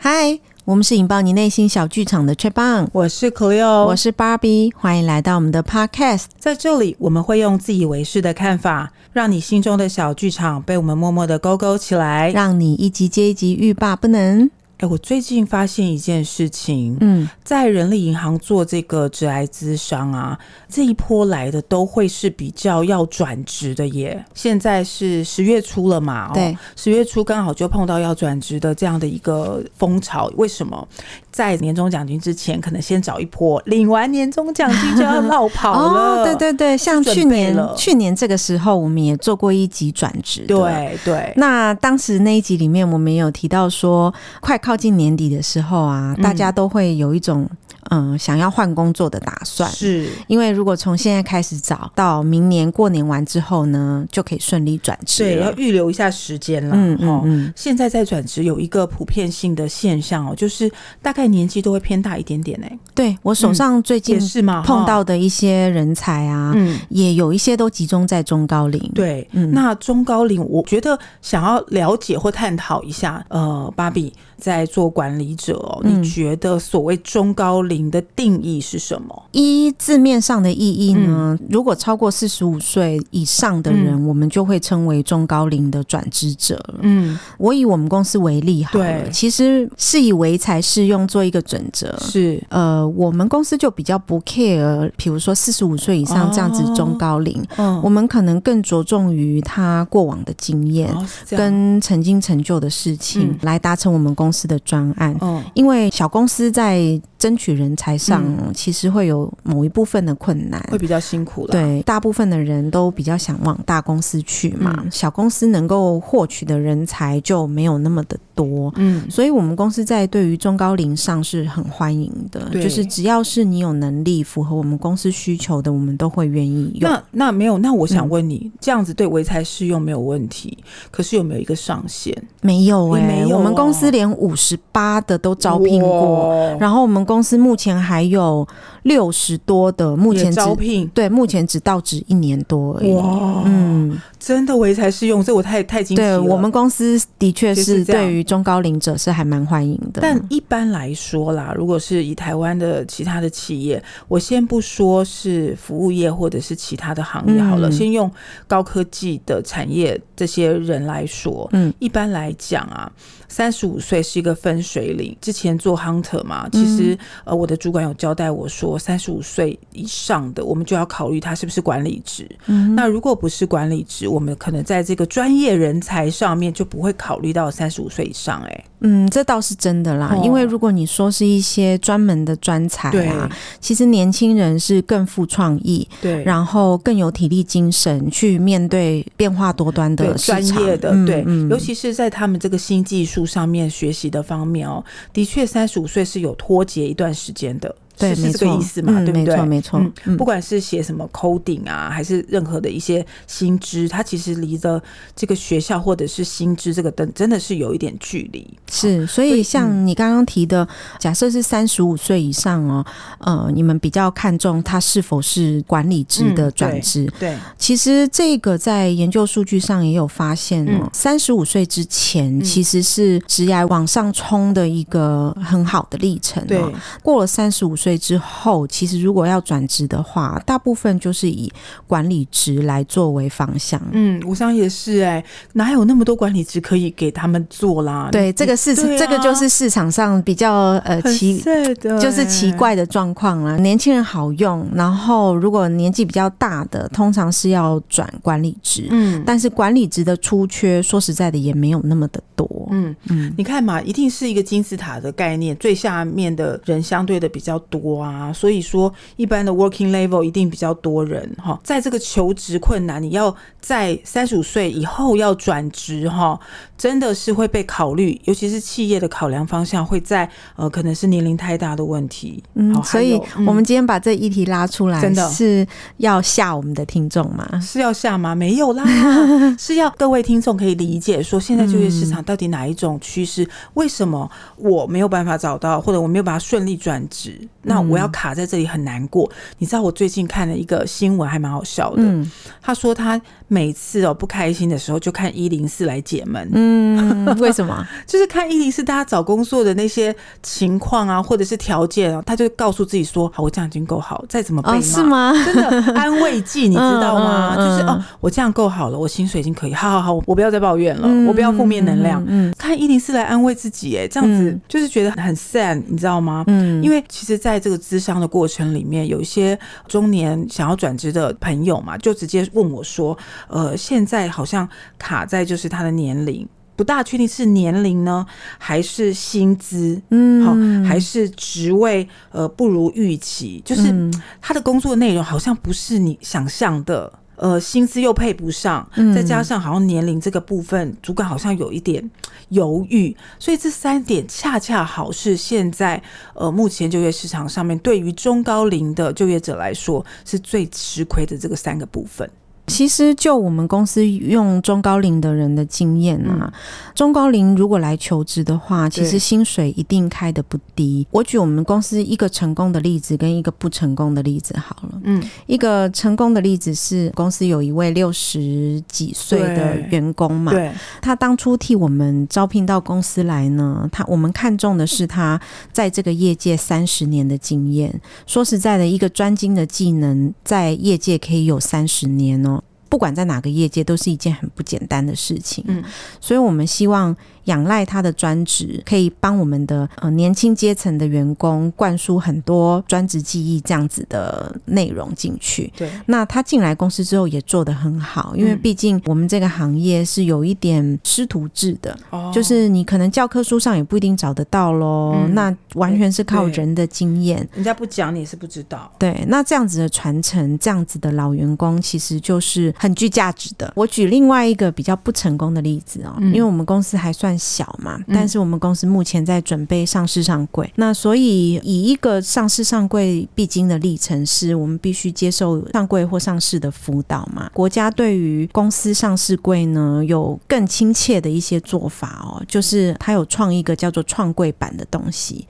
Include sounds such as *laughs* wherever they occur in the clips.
hi 我們是引爆你內心小劇場的 Triple，我是 Cleo，我是 Barbie，歡迎來到我們的 Podcast。在這裡，我們會用自以為是的看法，讓你心中的小劇場被我們默默的勾勾起來，讓你一集接一集欲罷不能。哎、欸，我最近發現一件事情，嗯，在人力銀行做這個職涯諮商啊，這一波來的都會是比較要轉職的耶。現在是十月初了嘛。哦，對，十月初剛好就碰到要轉職的這樣的一個風潮，為什麼在年終獎金之前，可能先找一波，領完年終獎金就要落跑了。 *laughs* 哦，對對對，像去年去年這個時候，我們也做過一集轉職，對對。那當時那一集裡面，我們也有提到說，快考。靠近年底的時候啊，大家都會有一種嗯、呃、想要換工作的打算。是，因為如果從現在開始找到明年過年完之後呢，就可以順利轉職。對，要預留一下時間了、嗯。嗯嗯、哦。現在在轉職有一個普遍性的現象哦，就是大概年紀都會偏大一點點呢、欸。對我手上最近是嘛碰到的一些人才啊，嗯、也，也有一些都集中在中高齡。嗯、對，那中高齡，我覺得想要了解或探討一下呃，芭比。在做管理者，你覺得所謂中高齡的定義是什麼？依字面上的意義呢？如果超過四十五歲以上的人，我們就會稱為中高齡的轉職者。嗯，我以我們公司為例，哈，對，其實是以唯才是用做一個準則。是，呃，我們公司就比較不 care，比如說四十五歲以上這樣子中高齡，我們可能更着重於他過往的經驗跟曾經成就的事情，來達成我們公。公司的專案，嗯，因為小公司在。爭取人才上，嗯、其實會有某一部分的困難，會比較辛苦了。對，大部分的人都比較想往大公司去嘛，嗯、小公司能夠獲取的人才就沒有那麼的多。嗯，所以我們公司在對於中高齡上是很歡迎的，對就是只要是你有能力、符合我們公司需求的，我們都會願意用。那那沒有，那我想問你，嗯、這樣子對唯才是用沒有問題？可是有沒有一個上限？沒有哎、欸欸，沒有、啊，我們公司連五十八的都招聘過，哇然後我們。公司目前還有六十多的，目前招聘，對，目前只到職一年多而已。哇，嗯，真的唯才是用，這我太太驚喜。對，我們公司的確是對於中高齡者是還蠻歡迎的。但一般來說啦，如果是以台灣的其他的企業，我先不說是服務業或者是其他的行業好了，嗯嗯，先用高科技的產業這些人來說，嗯，一般來講啊。三十五歲是一個分水嶺。之前做 Hunter 嘛，其實、嗯、呃，我的主管有交代我說，三十五歲以上的，我們就要考慮他是不是管理職。嗯，那如果不是管理職，我們可能在這個專業人才上面就不會考慮到三十五歲以上、欸。哎，嗯，這倒是真的啦。哦、因為如果你說是一些專門的專才啊，對，其實年輕人是更富創意，對，然後更有體力精神去面對變化多端的專業的，嗯、對，尤其是在他們這個新技術。上面學習的方面哦，的確，三十五歲是有脫節一段時間的。對，沒錯沒錯。不管是寫什麼 coding 啊，嗯、還是任何的一些新知，嗯、它其實離着這個學校或者是新知這個等真的是有一點距離。是，所以像你剛剛提的，假設是三十五歲以上哦、喔，呃，你們比較看重它是否是管理職的轉職、嗯？對，對其實這個在研究數據上也有發現哦、喔，三十五歲之前其實是職涯往上衝的一個很好的歷程、喔。對，過了三十五歲。之後，其實如果要轉職的話，大部分就是以管理職來作為方向。嗯，我想也是哎、欸，哪有那麼多管理職可以給他們做啦？對，這個是，啊、這個就是市場上比較呃奇，欸、就是奇怪的狀況啦。年輕人好用，然後如果年紀比較大的，通常是要轉管理職。嗯，但是管理職的出缺，說實在的，也沒有那麼的多。嗯嗯，嗯你看嘛，一定是一個金字塔的概念，最下面的人相對的比較多。多啊，所以說一般的 working level 一定比較多人哈，在這個求職困難，你要在三十五歲以後要轉職哈。真的是會被考慮，尤其是企業的考量方向會在呃，可能是年齡太大的問題。嗯，所以有、嗯、我們今天把這議題拉出來，真的是要嚇我們的聽眾嗎？是要嚇嗎？沒有啦， *laughs* 是要各位聽眾可以理解，說現在就業市場到底哪一種趨勢？嗯、為什麼我沒有辦法找到，或者我沒有辦法順利轉職？嗯、那我要卡在這裡很難過。你知道我最近看了一個新聞，還蠻好笑的。嗯、他說他每次哦不開心的時候就看一零四來解悶。嗯 *laughs* 嗯，為什麼？就是看伊林是大家找工作的那些情況啊，或者是條件啊，他就告訴自己說：“好，我這樣已經夠好，再怎麼北嗎、哦？”是嗎？真的安慰劑，你知道嗎？ *laughs* 嗯嗯嗯、就是哦，我這樣夠好了，我薪水已經可以，好好好，我不要再抱怨了，嗯、我不要負面能量。嗯，嗯嗯看伊林是來安慰自己、欸，哎，這樣子就是覺得很 sad，你知道嗎？嗯，因為其實在這個諮商的過程裡面，有一些中年想要轉職的朋友嘛，就直接問我說：“呃，現在好像卡在就是他的年齡。”不大確定是年齡呢，還是薪資，嗯，好，還是職位，呃，不如預期，就是他的工作內容好像不是你想象的，呃，薪資又配不上，再加上好像年齡這個部分，主管好像有一點猶豫，所以這三點恰恰好是現在，呃，目前就業市場上面對於中高齡的就業者來說，是最吃虧的這個三個部分。其實，就我們公司用中高齡的人的經驗啊，中高齡如果來求職的話，其實薪水一定開得不低。對我舉我們公司一個成功的例子跟一個不成功的例子好了，嗯，一個成功的例子是公司有一位六十幾歲的員工嘛，對對他當初替我們招聘到公司來呢，他我們看中的是他在這個業界三十年的經驗。說實在的，一個專精的技能在業界可以有三十年哦、喔。不管在哪個業界，都是一件很不簡單的事情。嗯，所以我們希望。仰賴他的專職，可以幫我們的呃年輕階層的員工灌輸很多專職技藝這樣子的內容進去。對，那他進來公司之後也做得很好，因為畢竟我們這個行業是有一點師徒制的，哦、就是你可能教科書上也不一定找得到嘍，嗯、那完全是靠人的經驗，人家不講你是不知道。對，那這樣子的傳承，這樣子的老員工其實就是很具價值的。我舉另外一個比較不成功的例子啊、哦，嗯、因為我們公司還算。小嘛，但是我們公司目前在準備上市上櫃，嗯、那所以以一個上市上櫃必經的歷程是，我們必須接受上櫃或上市的輔導嘛。國家對於公司上市櫃呢，有更親切的一些做法哦，就是它有創一個叫做創櫃板的東西。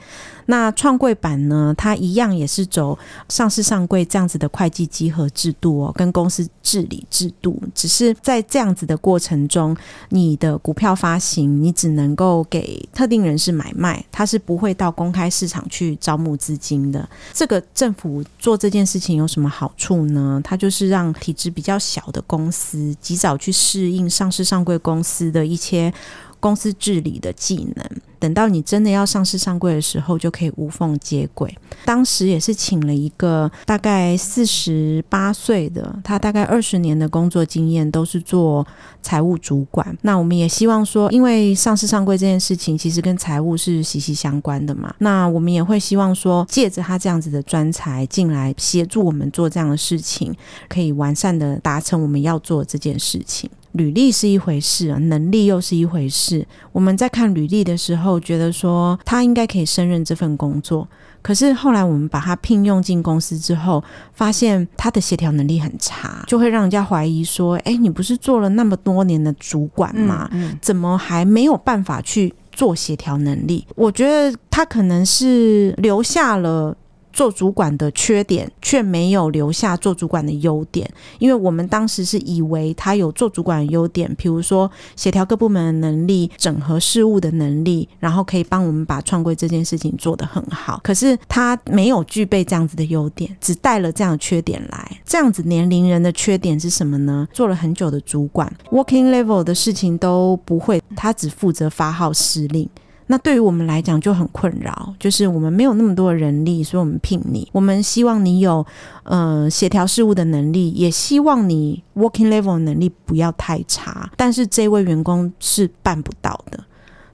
那創櫃板呢，它一樣也是走上市上櫃這樣子的會計稽核制度哦，跟公司治理制度，只是在這樣子的過程中，你的股票發行你。只能夠給特定人士買賣，他是不會到公開市場去招募資金的。這個政府做這件事情有什麼好處呢？它就是讓體質比較小的公司及早去適應上市上櫃公司的一些，公司治理的技能，等到你真的要上市上櫃的時候，就可以無縫接軌。當時也是請了一個大概四十八歲的，他大概二十年的工作經驗都是做財務主管。那我們也希望說，因為上市上櫃這件事情其實跟財務是息息相關的嘛，那我們也會希望說，借着他這樣子的專才進來協助我們做這樣的事情，可以完善的達成我們要做這件事情。履歷是一回事，能力又是一回事。我們在看履歷的時候，覺得說他應該可以勝任這份工作，可是後來我們把他聘用進公司之後，發現他的協調能力很差，就會讓人家懷疑說：“哎、欸，你不是做了那麼多年的主管嗎？怎麼還沒有辦法去做協調能力？”我覺得他可能是留下了。做主管的缺點，卻沒有留下做主管的優點，因為我們當時是以為他有做主管的優點，譬如說協調各部門的能力、整合事務的能力，然後可以幫我們把創規這件事情做得很好。可是他沒有具備這樣子的優點，只帶了這樣的缺點來。這樣子年齡人的缺點是什麼呢？做了很久的主管，working level 的事情都不會，他只負責發號施令。那對於我們來講就很困擾，就是我們沒有那麼多的人力，所以我們聘你。我們希望你有呃協調事務的能力，也希望你 working level 能力不要太差，但是這位員工是辦不到的。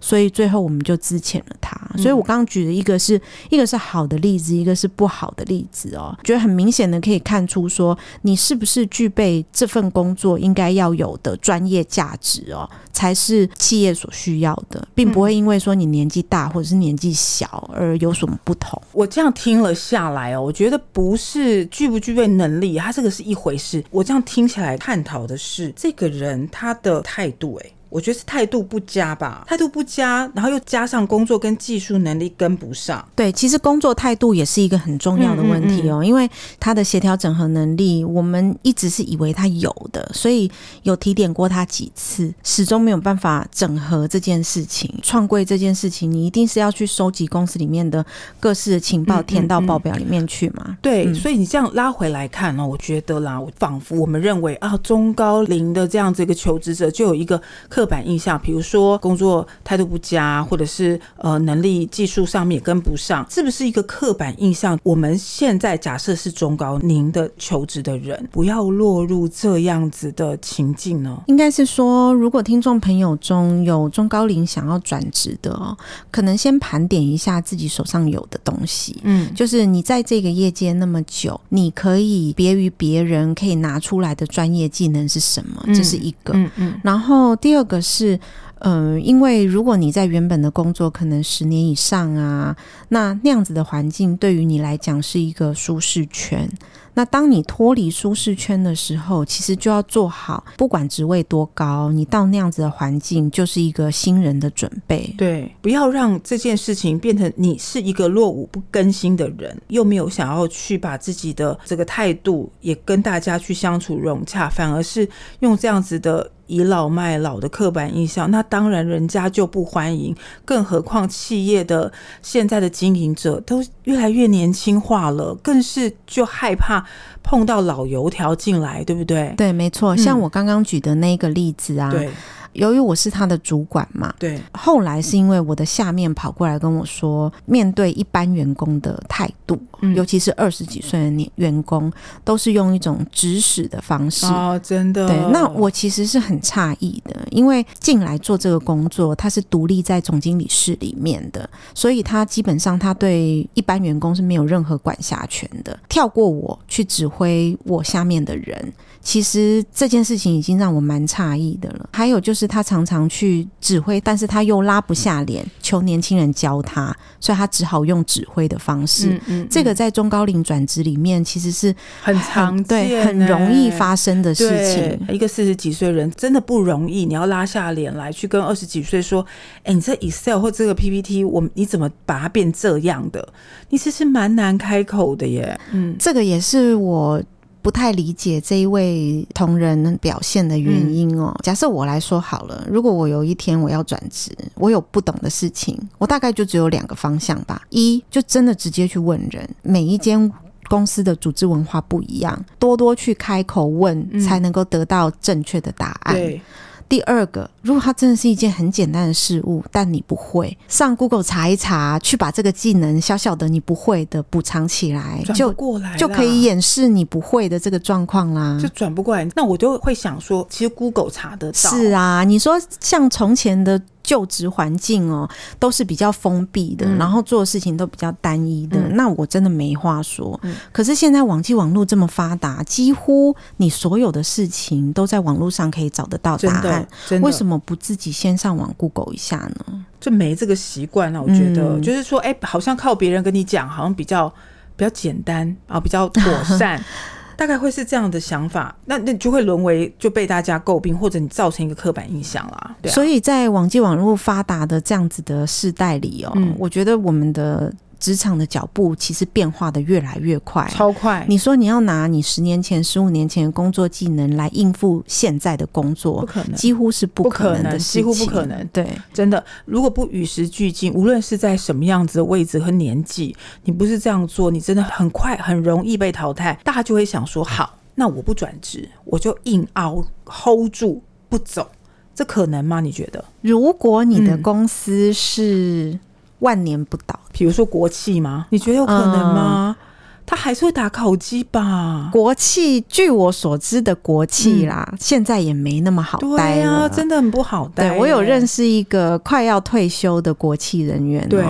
所以最後我們就資遣了他。所以我剛剛舉的一個是一個是好的例子，一個是不好的例子哦。覺得很明顯的可以看出說，說你是不是具備這份工作應該要有的專業價值哦，才是企業所需要的，並不會因為說你年紀大或者是年紀小而有什麼不同。我這樣聽了下來哦，我覺得不是具不具備能力，他這個是一回事。我這樣聽起來探討的是這個人他的態度、欸，哎。我覺得是態度不佳吧，態度不佳，然後又加上工作跟技術能力跟不上。對，其實工作態度也是一個很重要的問題哦，嗯嗯嗯因為他的協調整合能力，我們一直是以為他有的，所以有提點過他幾次，始終沒有辦法整合這件事情。創櫃這件事情，你一定是要去收集公司裡面的各式的情報，填到報表裡面去嘛？嗯嗯嗯對，嗯、所以你這樣拉回來看呢、哦，我覺得啦，我仿佛我們認為啊，中高齡的這樣子一個求職者就有一個客。刻板印象，比如說工作態度不佳，或者是呃能力技術上面也跟不上，是不是一個刻板印象？我們現在假設是中高齡的求職的人，不要落入這樣子的情境呢？應該是說，如果聽眾朋友中有中高齡想要轉職的哦，可能先盤點一下自己手上有的東西，嗯，就是你在這個業界那麼久，你可以別於別人可以拿出來的專業技能是什麼？嗯、這是一個，嗯，嗯，然後第二。可是，嗯，因為如果你在原本的工作可能十年以上啊，那那樣子的環境對於你來講是一個舒適圈。那當你脫離舒適圈的時候，其實就要做好，不管職位多高，你到那樣子的環境就是一個新人的準備。對，不要讓這件事情變成你是一個落伍不更新的人，又沒有想要去把自己的這個態度也跟大家去相處融洽，反而是用這樣子的。倚老賣老的刻板印象，那當然人家就不歡迎。更何況企業的現在的經營者都越來越年輕化了，更是就害怕碰到老油條進來，對不對？對，沒錯。像我剛剛舉的那個例子啊。嗯對由於我是他的主管嘛，對，後來是因為我的下面跑過來跟我說，嗯、面對一般員工的態度，嗯、尤其是二十幾歲的員工，都是用一種指使的方式。哦，真的。對，那我其實是很詫異的，因為進來做這個工作，他是獨立在總經理室裡面的，所以他基本上他對一般員工是沒有任何管轄權的，跳過我去指揮我下面的人，其實這件事情已經讓我蠻詫異的了。還有就是。他常常去指揮，但是他又拉不下臉、嗯、求年輕人教他，所以他只好用指揮的方式。嗯，嗯，這個在中高齡轉職裡面其實是很常見、欸、對很容易發生的事情。對，一個四十幾歲人真的不容易，你要拉下臉來去跟二十幾歲說：“哎、欸，你這 Excel 或這個 PPT，我你怎麼把它變這樣的？”你其實蠻難開口的耶。嗯，這個也是我。不太理解這一位同仁表現的原因哦、喔。嗯、假設我來說好了，如果我有一天我要轉職，我有不懂的事情，我大概就只有兩個方向吧。嗯、一就真的直接去問人，每一間公司的組織文化不一樣，多多去開口問，嗯、才能夠得到正確的答案。對。第二個，如果它真的是一件很簡單的事物，但你不會上 Google 查一查，去把這個技能小小的你不會的補償起來，就轉不過來就可以掩飾你不會的這個狀況啦，就轉不過來。那我就會想說，其實 Google 查得到。是啊，你說像從前的。就職環境哦，都是比較封閉的，嗯、然後做事情都比較單一的，嗯、那我真的沒話說。嗯、可是現在網際網絡這麼發達，幾乎你所有的事情都在網絡上可以找得到答案。真的，真的，為什麼不自己先上網 Google 一下呢？就沒這個習慣了我覺得、嗯、就是說，哎，好像靠別人跟你講，好像比較比較簡單啊，比較妥善。 *laughs* 大概會是這樣的想法，那那你就會淪為就被大家詬病，或者你造成一個刻板印象啦。啊、所以，在網際網路發達的這樣子的世代裡哦、喔、嗯、我覺得我們的。職場的腳步其實變化的越來越快，超快。你說你要拿你十年前、十五年前的工作技能來應付現在的工作，不可能，幾乎是不可能的，幾乎不可能。對，真的，如果不與時俱進，無論是在什麼樣子的位置和年紀，你不是這樣做，你真的很快、很容易被淘汰。大家就會想說：好，那我不轉職，我就硬熬、hold 住不走，這可能嗎？你覺得？如果你的公司是。嗯萬年不倒，比如說國企嗎？你覺得有可能嗎？嗯、他還是會打考績吧。國企，據我所知的國企啦，嗯、現在也沒那麼好待啊，真的很不好待。對，我有認識一個快要退休的國企人員。喔，對。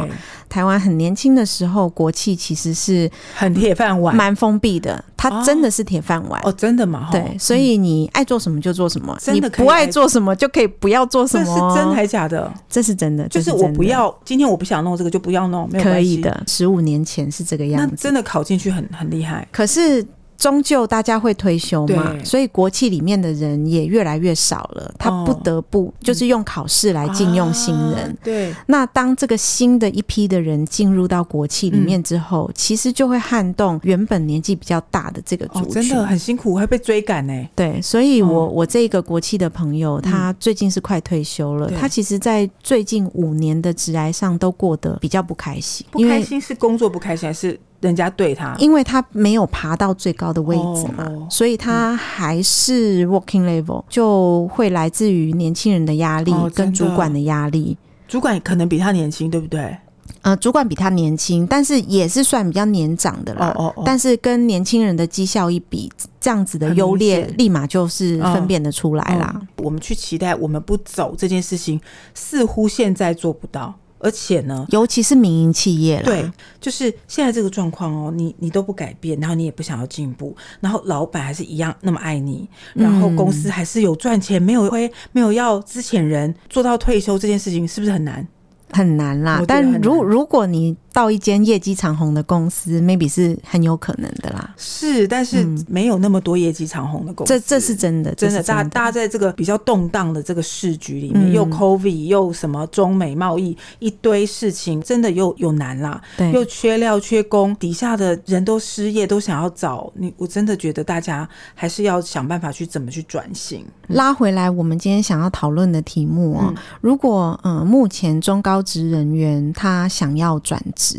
台灣很年輕的時候，國企其實是很鐵飯碗，蠻封閉的。它真的是鐵飯碗哦，哦，真的嗎？對，嗯、所以你愛做什麼就做什麼，真的可以不愛做什麼就可以不要做什麼。這是真還假的？這是真的，就是我不要。今天我不想弄這個，就不要弄，沒有關係的。十五年前是這個樣子，那真的考進去很很厲害。可是，終究大家會退休嘛，對所以國企裡面的人也越來越少了，他不得不就是用考試來進用新人。哦嗯啊、對。那當這個新的一批的人進入到國企裡面之後，嗯、其實就會撼動原本年紀比較大的這個。主、哦。真的很辛苦，會被追趕呢？對，所以我、哦、我這個國企的朋友，他最近是快退休了。嗯、他其實，在最近五年的職涯上都過得比較不開心。不開心是工作不開心，還是？人家對他，因為他沒有爬到最高的位置嘛，哦、所以他還是 working level，、嗯、就會來自於年輕人的壓力跟主管的壓力、哦，真的哦。主管可能比他年輕，對不對？呃，主管比他年輕，但是也是算比較年長的啦。哦，哦，哦但是跟年輕人的績效一比，這樣子的優劣立馬就是分辨得出來啦、哦哦。我們去期待我們不走這件事情，似乎現在做不到。而且呢，尤其是民營企業啦，對，就是現在這個狀況哦，你你都不改變，然後你也不想要進步，然後老闆還是一樣那麼愛你，然後公司還是有賺錢，沒有虧，沒有要之前人做到退休這件事情，是不是很難？很難啦，難但如果如果你。到一間業績長紅的公司，maybe 是很有可能的啦。是，但是沒有那麼多業績長紅的公司，嗯、這這是真的，真的。真的大家大家在這個比較動盪的這個市局裡面，嗯、又 COVID 又什麼中美貿易一堆事情，真的又有難啦，對，又缺料缺工，底下的人都失業，都想要找你。我真的覺得大家還是要想辦法去怎麼去轉型。拉回來，我們今天想要討論的題目啊、喔，嗯、如果嗯、呃，目前中高職人員他想要轉。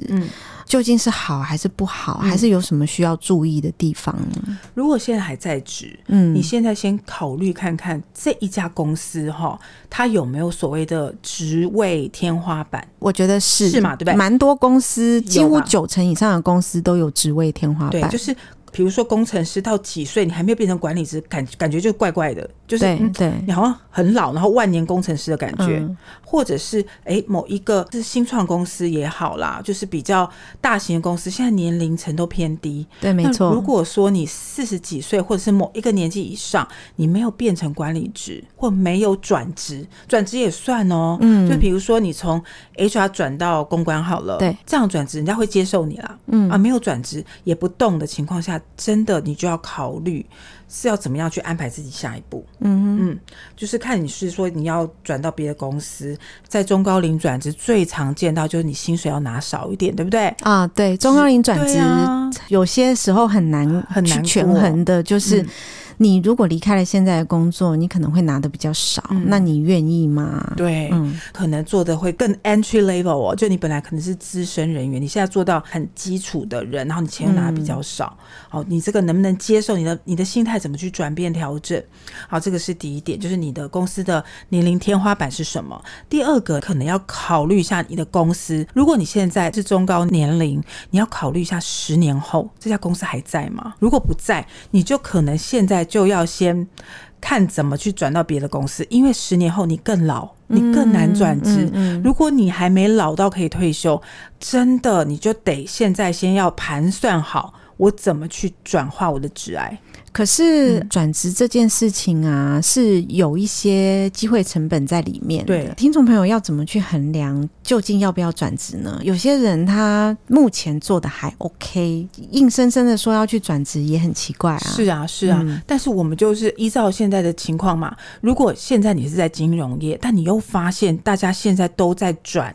嗯，究竟是好還是不好，嗯、還是有什麼需要注意的地方呢？如果現在還在職，嗯，你現在先考慮看看這一家公司哈，它有沒有所謂的職位天花板？我覺得是是嘛，對不對？蠻多公司，幾乎九成以上的公司都有職位天花板，對就是。比如說工程師到幾歲，你還沒有變成管理職，感感覺就怪怪的，就是、嗯、對對你好像很老，然後萬年工程師的感覺，嗯、或者是哎、欸、某一個是新創公司也好啦，就是比較大型的公司，現在年齡層都偏低。對，沒錯。如果說你四十幾歲，或者是某一個年紀以上，你沒有變成管理職，或沒有轉職，轉職也算哦。嗯，就比如說你從 HR 轉到公關好了，對，這樣轉職人家會接受你啦。嗯啊，沒有轉職也不動的情況下。真的，你就要考慮是要怎麼樣去安排自己下一步。嗯哼嗯，就是看你是說你要轉到別的公司，在中高齡轉職最常見到就是你薪水要拿少一點，對不對？啊，對，中高齡轉職有些時候很難很難權衡的，就是。嗯嗯你如果離開了現在的工作，你可能會拿的比較少，嗯、那你願意嗎？對，嗯、可能做的會更 entry level 哦，就你本來可能是資深人員，你現在做到很基礎的人，然後你錢又拿的比較少，嗯、好，你這個能不能接受你，你的你的心態怎麼去轉變調整？好，這個是第一點，就是你的公司的年齡天花板是什麼？第二個可能要考慮一下你的公司，如果你現在是中高年齡，你要考慮一下十年後這家公司還在嗎？如果不在，你就可能現在。就要先看怎麼去轉到別的公司，因為十年後你更老，嗯、你更難轉職。嗯嗯嗯、如果你還沒老到可以退休，真的你就得現在先要盤算好，我怎麼去轉化我的職涯。可是轉職這件事情啊，是有一些機會成本在裡面。對，聽眾朋友要怎麼去衡量，究竟要不要轉職呢？有些人他目前做得還 OK，硬生生的說要去轉職也很奇怪啊。是啊，是啊。嗯，但是我們就是依照現在的情況嘛，如果現在你是在金融業，但你又發現大家現在都在轉。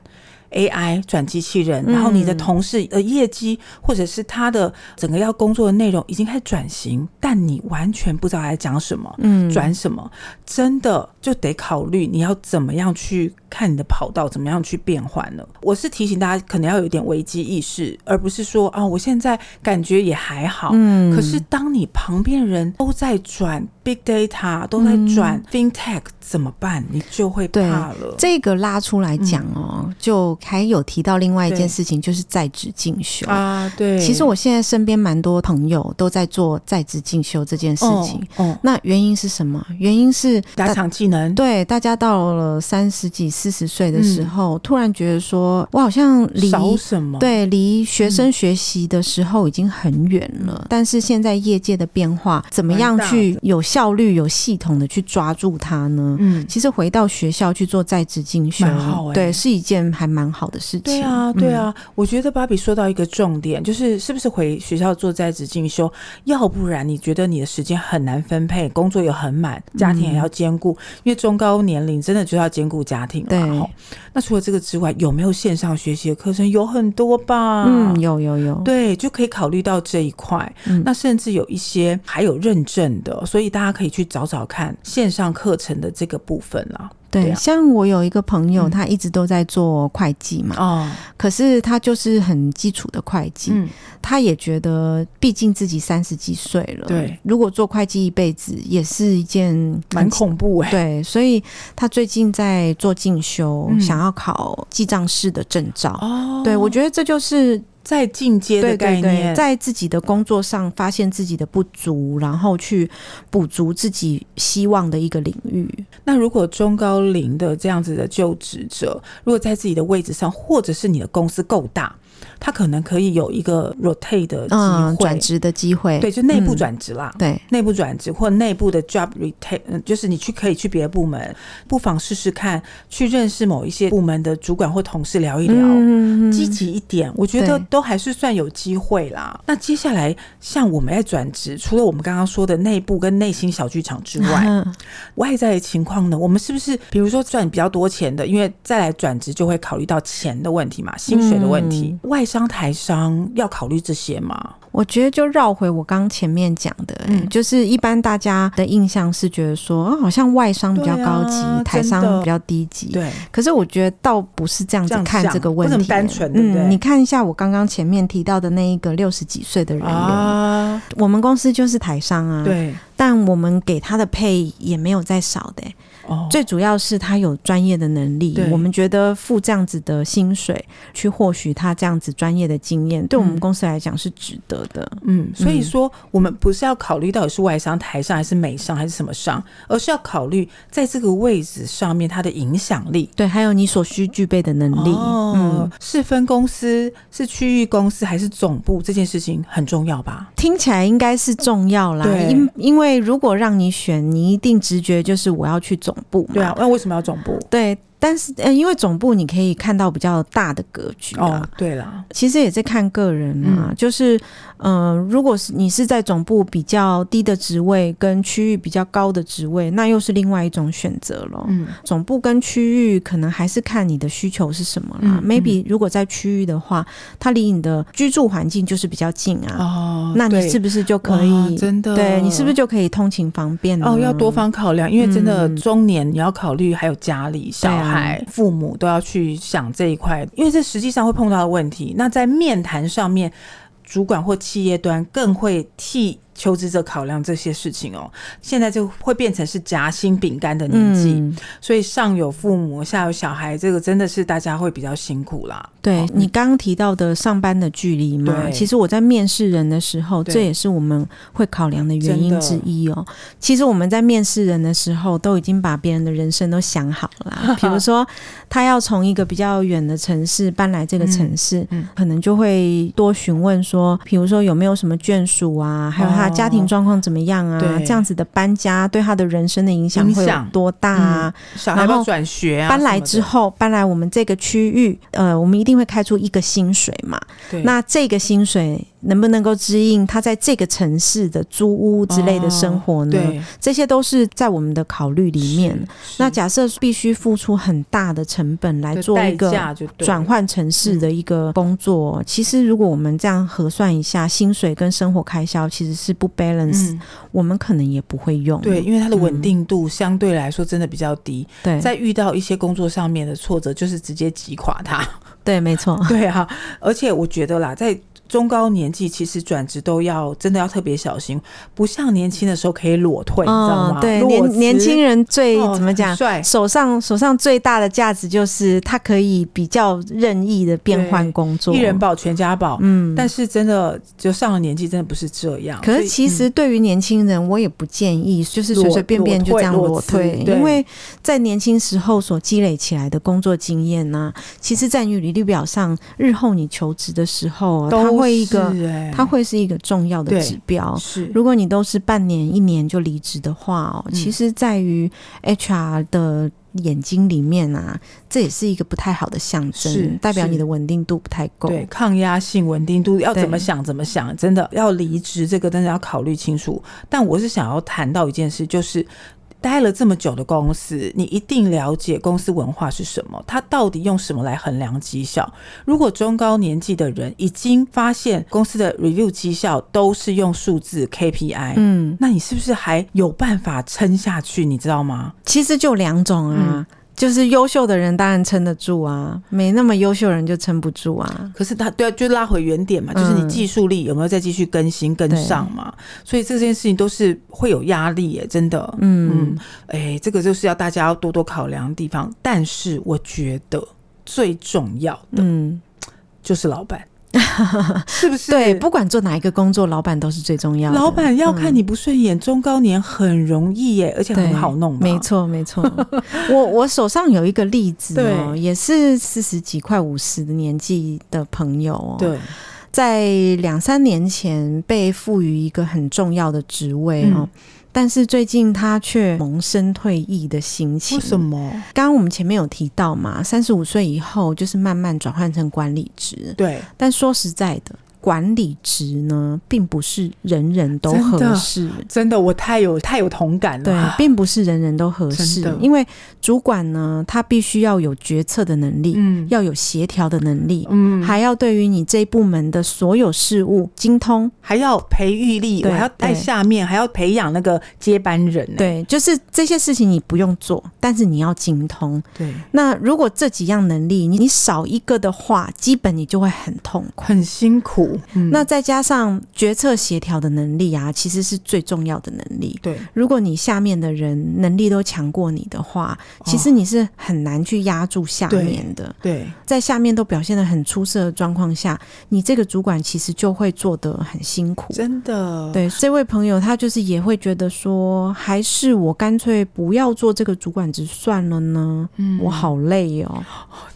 AI 轉機器人，然後你的同事的業績、嗯、或者是他的整個要工作的內容已經開始轉型，但你完全不知道在講什麼，嗯，轉什麼，真的就得考慮你要怎麼樣去。看你的跑道怎麼樣去變換呢？我是提醒大家，可能要有點危機意識，而不是說啊、哦，我現在感覺也還好。嗯。可是當你旁邊人都在轉 big data，、嗯、都在轉 fintech，怎麼辦？你就會怕了。這個拉出來講哦、喔，嗯、就還有提到另外一件事情，就是在職進修對啊。對。其實我現在身邊蠻多朋友都在做在職進修這件事情。哦。哦，那原因是什麼？原因是加強技能。對，大家到了三十幾。四十歲的時候，嗯、突然覺得說，我好像離什麼對，離學生學習的時候已經很遠了。嗯、但是現在業界的變化，怎麼樣去有效率、有系統的去抓住它呢？嗯，其實回到學校去做在職進修，好欸、對，是一件還蠻好的事情。對啊，對啊，嗯、我覺得芭比說到一個重點，就是是不是回學校做在職進修？要不然，你覺得你的時間很難分配，工作也很滿，家庭也要兼顧，嗯、因為中高年齡真的就是要兼顧家庭。對，那除了這個之外，有沒有線上學習的課程？有很多吧，嗯，有有有，對，就可以考慮到這一塊。嗯、那甚至有一些還有認證的，所以大家可以去找找看線上課程的這個部分了、啊。對，像我有一個朋友，他一直都在做會計嘛，哦、嗯，可是他就是很基礎的會計，嗯、他也覺得畢竟自己三十幾歲了，對，如果做會計一輩子也是一件蠻恐怖誒、欸、對，所以他最近在做進修，嗯、想要考記帳士的證照，哦，對，我覺得這就是。在進階的概念，對對對，在自己的工作上發現自己的不足，然後去補足自己希望的一個領域。那如果中高齡的這樣子的就職者，如果在自己的位置上，或者是你的公司夠大。他可能可以有一個 rotate 的轉職、哦、的機會對、嗯，對，就內部轉職啦，對，內部轉職或內部的 job rotate，嗯，就是你去可以去別的部門，不妨試試看，去認識某一些部門的主管或同事聊一聊，嗯積極、嗯嗯、一點，我覺得都還是算有機會啦。對那接下來，像我們在轉職，除了我們剛剛說的內部跟內心小劇場之外，呵呵外在的情況呢？我們是不是比如說賺比較多錢的，因為再來轉職就會考慮到錢的問題嘛，薪水的問題。嗯外商、台商要考慮這些嗎？我覺得就繞回我剛前面講的、欸，嗯、就是一般大家的印象是覺得說，好像外商比較高級，啊、台商比較低級。對的，可是我覺得倒不是這樣子看這個問題、欸。嗯，對你看一下我剛剛前面提到的那一個六十幾歲的人員，、啊、我們公司就是台商啊，對，但我們給他的 pay 也沒有再少的、欸。最主要是他有專業的能力，對我們覺得付這樣子的薪水去獲取他這樣子專業的經驗，對我們公司來講是值得的。嗯，嗯，所以說我們不是要考慮到底是外商、台商還是美商還是什麼商，而是要考慮在這個位置上面它的影響力。對，還有你所需具備的能力。哦、嗯，是分公司、是區域公司還是總部，這件事情很重要吧？聽起來應該是重要啦。嗯、對，因因為如果讓你選，你一定直覺就是我要去總。補對啊，那為什麼要總部？對。但是，嗯、欸，因為總部你可以看到比較大的格局、啊、哦，對啦，其實也是看個人啊，嗯、就是，嗯、呃，如果是你是在總部比較低的職位，跟區域比較高的職位，那又是另外一種選擇了。嗯、總部跟區域可能還是看你的需求是什麼啦。嗯、Maybe 如果在區域的話，嗯、它離你的居住環境就是比較近啊，哦，那你是不是就可以、哦、真的、哦？對你是不是就可以通勤方便呢哦？要多方考量，因為真的、嗯、中年你要考慮還有家裡小孩。對啊。父母都要去想這一塊，因為這實際上會碰到的問題。那在面談上面，主管或企業端更會替。求職者考量這些事情哦、喔，現在就會變成是夾心餅乾的年紀，嗯、所以上有父母，下有小孩，這個真的是大家會比較辛苦啦。對、哦、你剛剛提到的上班的距離嘛，對其實我在面試人的時候，對這也是我們會考量的原因之一哦、喔。真的其實我們在面試人的時候，都已經把別人的人生都想好了、啊，比 *laughs* 如說他要從一個比較遠的城市搬來這個城市，嗯嗯、可能就會多詢問說，比如說有沒有什麼眷屬啊，哦、還有他。家庭狀況怎麼樣啊？對，這樣子的搬家對他的人生的影響會有多大啊？嗯、小孩要轉學啊，搬來之後，搬來我們這個區域，呃，我們一定會開出一個薪水嘛。對。那這個薪水能不能夠支應他在這個城市的租屋之類的生活呢？哦、這些都是在我們的考慮裡面。那假設必須付出很大的成本來做一個轉換城市的一個工作，嗯、其實如果我們這樣核算一下薪水跟生活開銷，其實是。不 balance，嗯、我們可能也不會用。對，因為它的穩定度相對來說真的比較低。嗯、對，在遇到一些工作上面的挫折，就是直接擊垮它。對，沒錯。 *laughs* 對啊，而且我覺得啦，在。中高年紀其實轉職都要真的要特別小心，不像年輕的時候可以裸退，你知道嗎？哦、對，詞年年輕人最、哦、怎麼講？帥手上手上最大的價值就是他可以比較任意的變換工作，一人保全家保，嗯。但是真的就上了年紀，真的不是這樣。可是其實對於年輕人，我也不建議，嗯、就是隨隨便便就這樣裸退，因為在年輕時候所積累起來的工作經驗呢、啊，其實在於履歷表上，日後你求職的時候、啊、都。會一個，欸、它會是一個重要的指標。是，如果你都是半年、一年就離職的話，哦，嗯、其實在於 HR 的眼睛裡面啊，這也是一個不太好的象徵，代表你的穩定度不太夠。對，抗壓性、穩定度要怎麼想怎麼想，真的要離職這個，真的要考慮清楚。但我是想要談到一件事，就是。待了這麼久的公司，你一定了解公司文化是什麼？它到底用什麼來衡量績效？如果中高年紀的人已經發現公司的 review 績效都是用數字 KPI，嗯，那你是不是還有辦法撐下去？你知道嗎？其實就兩種啊。嗯就是優秀的人當然撐得住啊，沒那麼優秀的人就撐不住啊。可是他都要、啊、就拉回原點嘛，嗯、就是你技術力有沒有再繼續更新跟上嘛？對所以這件事情都是會有壓力耶、欸，真的。嗯嗯，哎、嗯欸，這個就是要大家多多考量的地方。但是我覺得最重要的就是老板。嗯 *laughs* 是不是？對，不管做哪一個工作，老闆都是最重要的。老闆要看你不順眼，嗯、中高年很容易耶，而且很好弄。沒錯，沒錯。 *laughs* 我我手上有一個例子哦、喔，對也是四十幾、快五十的年紀的朋友哦、喔，對，在兩三年前被賦予一個很重要的職位哦、喔。嗯但是最近他卻萌生退役的心情。為什麼？剛剛我們前面有提到嘛，三十五歲以後就是慢慢轉換成管理職。對，但說實在的。管理職呢，並不是人人都合適。真的，我太有太有同感了。對，並不是人人都合適，是的。因為主管呢，他必須要有決策的能力，嗯，要有協調的能力，嗯，還要對於你這一部門的所有事務精通，還要培育力，還要帶下面，還要培養那個接班人。對，就是這些事情你不用做，但是你要精通。對。那如果這幾樣能力你你少一個的話，基本你就會很痛苦，很辛苦。嗯、那再加上決策協調的能力啊，其實是最重要的能力。對，如果你下面的人能力都強過你的話，哦、其實你是很難去壓住下面的。對，對在下面都表現得很出色的狀況下，你這個主管其實就會做得很辛苦。真的，對，這位朋友他就是也會覺得說，還是我乾脆不要做這個主管職算了呢。嗯，我好累、喔、哦。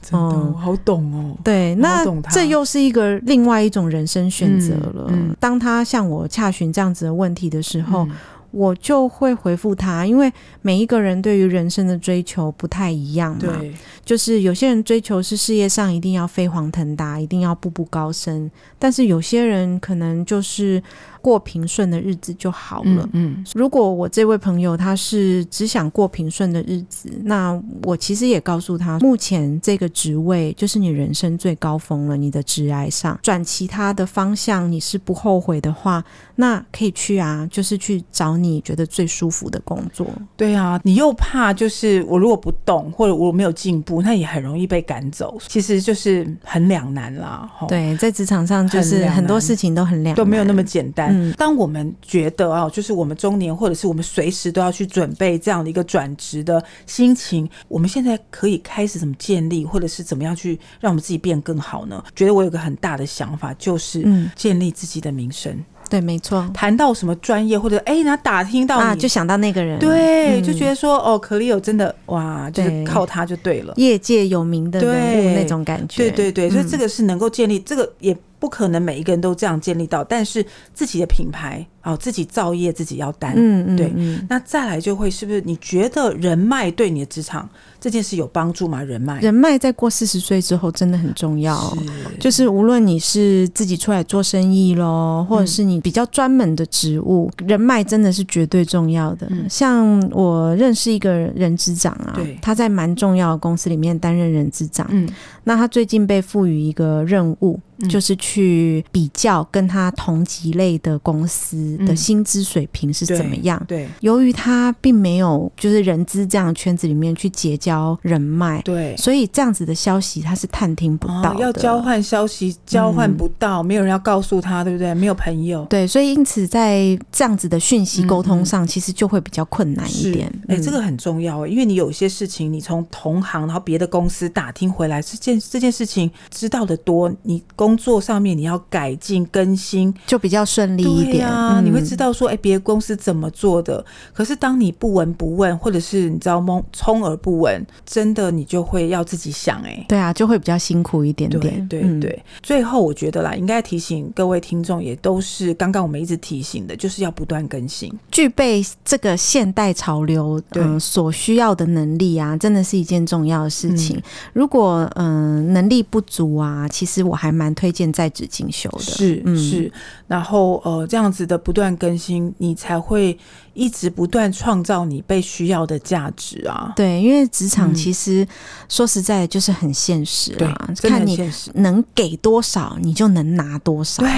真的，嗯、我好懂哦、喔。對，那這又是一個另外一種人。生選擇了。嗯嗯、當他向我洽詢這樣子的問題的時候。嗯我就會回復他，因為每一個人對於人生的追求不太一樣嘛。對，就是有些人追求是事業上一定要飛黃騰達，一定要步步高升，但是有些人可能就是過平順的日子就好了。嗯，嗯，如果我這位朋友他是只想過平順的日子，那我其實也告訴他，目前這個職位就是你人生最高峰了，你的職涯上轉其他的方向你是不後悔的話，那可以去啊，就是去找你。你覺得最舒服的工作？對啊，你又怕，就是我如果不動或者我沒有進步，那也很容易被趕走。其實就是很兩難啦。對，在職場上就是很多事情都很兩難，很難都沒有那麼簡單。嗯、當我們覺得啊，就是我們中年或者是我們隨時都要去準備這樣的一個轉職的心情，我們現在可以開始怎麼建立，或者是怎麼樣去讓我們自己變更好呢？覺得我有個很大的想法，就是建立自己的名聲。嗯對，沒錯。談到什麼專業或者哎、欸，然後打聽到、啊，就想到那個人，對，嗯、就覺得說哦，可麗歐真的哇，就是靠他就對了，對業界有名的人物對那種感覺，對對對，所以這個是能夠建立，嗯、這個也。不可能每一個人都這樣建立到，但是自己的品牌好、啊、自己造業，自己要擔、嗯。嗯嗯，對。那再來就會是不是你覺得人脈對你的職場這件事有幫助嗎？人脈，人脈在過四十歲之後真的很重要。是，就是無論你是自己出來做生意嘍，嗯、或者是你比較專門的職務，嗯、人脈真的是絕對重要的。嗯、像我認識一個人資長啊，對他在蠻重要的公司裡面擔任人資長。嗯，那他最近被賦予一個任務。嗯、就是去比較跟他同級類的公司的薪資水平是怎麼樣？嗯、對，對由於他並沒有就是人資這樣的圈子裡面去結交人脈，對，所以這樣子的消息他是探聽不到的、哦、要交換消息交換不到，嗯、沒有人要告訴他，對不對？沒有朋友，對，所以因此在這樣子的訊息溝通上，嗯、其實就會比較困難一點。哎、欸，這個很重要哦，因為你有些事情你從同行然後別的公司打聽回來，這件這件事情知道的多，你。工作上面你要改進更新，就比較順利一點。啊嗯、你會知道說，哎，別的公司怎麼做的。可是當你不聞不問，或者是你知道蒙充耳不聞，真的你就會要自己想、欸。哎，對啊，就會比較辛苦一點點。對，對對。嗯、最後，我覺得啦，應該提醒各位聽眾，也都是剛剛我們一直提醒的，就是要不斷更新，具備這個現代潮流嗯、呃、所需要的能力啊，真的是一件重要的事情。嗯、如果嗯、呃、能力不足啊，其實我還蠻。推薦在職進修的，是、嗯、是，然後呃，這樣子的不斷更新，你才會一直不斷創造你被需要的價值啊。對，因為職場其實、嗯、說實在就是很現實啊，對，真的很現實。看你能給多少，你就能拿多少。對。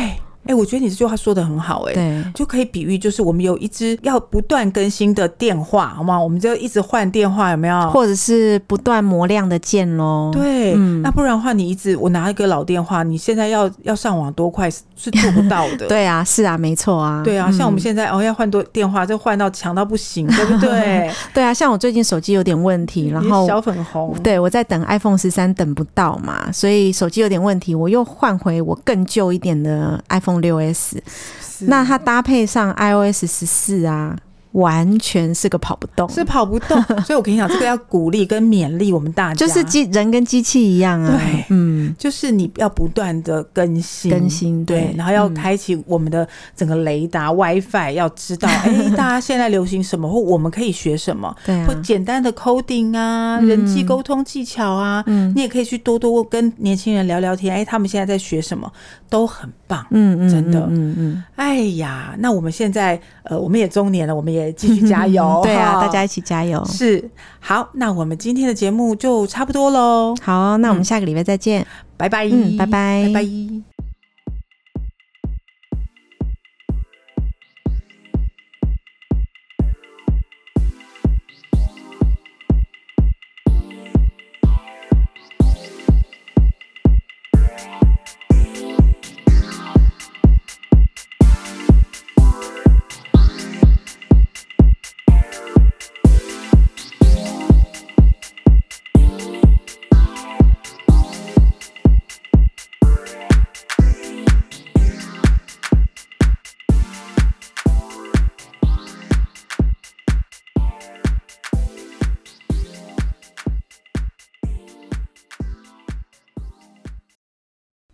哎、欸，我覺得你這句話說得很好，欸，哎，對，就可以比喻就是我們有一支要不斷更新的電話，好嗎？我們就一直換電話，有沒有？或者是不斷磨亮的劍嘍？對，嗯，那不然的話，你一直我拿一個老電話，你現在要要上網多快是，是做不到的。 *laughs* 對啊，是啊，沒錯啊。對啊，像我們現在，嗯，哦，要換多電話，就換到強到不行，對不對？ *laughs* 對啊，像我最近手機有點問題，然後小粉紅，對，我在等 iPhone 十三，等不到嘛，所以手機有點問題，我又換回我更舊一點的 iPhone。用六 S, S 那它搭配上 iOS 十四啊。完全是個跑不動，是跑不動。所以我跟你講，這個要鼓勵跟勉勵我們大家，就是機人跟機器一樣啊。對，嗯，就是你要不斷的更新更新，對，然後要開啟我們的整個雷達 WiFi，要知道，哎，大家現在流行什麼，或我們可以學什麼，對，或簡單的 coding 啊，人際溝通技巧啊，嗯，你也可以去多多跟年輕人聊聊天，哎，他們現在在學什麼，都很棒，嗯嗯，真的，嗯嗯，哎呀，那我們現在，呃，我們也中年了，我們也。繼續加油， *laughs* 對啊，哦、大家一起加油。是，好，那我們今天的節目就差不多嘍。好、哦，那我們下個禮拜再見，嗯、拜拜，嗯，拜拜，拜拜。